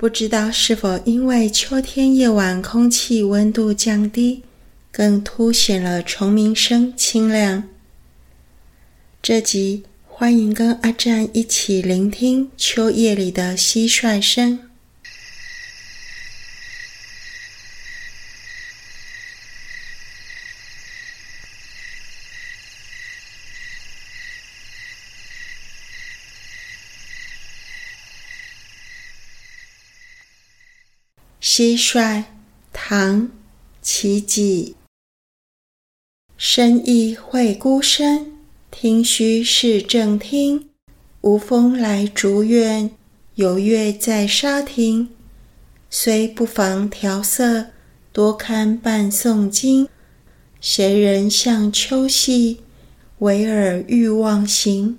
不知道是否因為秋天夜晚空氣溫度降低，更凸顯了蟲鳴聲清亮。這集歡迎跟阿占一起聆聽秋夜裡的蟋蟀聲。蟋蟀，唐·齊己。聲異蟪蛄聲，聽須是正聽。無風來竹院，有月在莎庭。雖不妨調瑟，多堪伴誦經。誰人向秋夕，為爾欲忘形。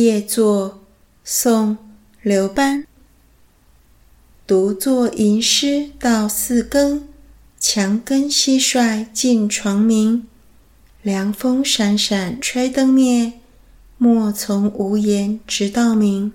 夜坐，宋·劉攽。獨坐吟詩到四更，牆根蟋蟀近床鳴。涼風閃閃吹燈滅，默從無言直到明。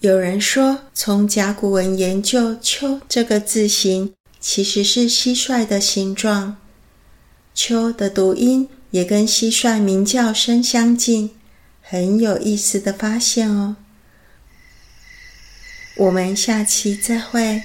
有人說，從甲骨文研究“秋”這個字形，其實是蟋蟀的形狀。秋的讀音也跟蟋蟀鳴叫聲相近，很有意思的發現哦。我們下期再會。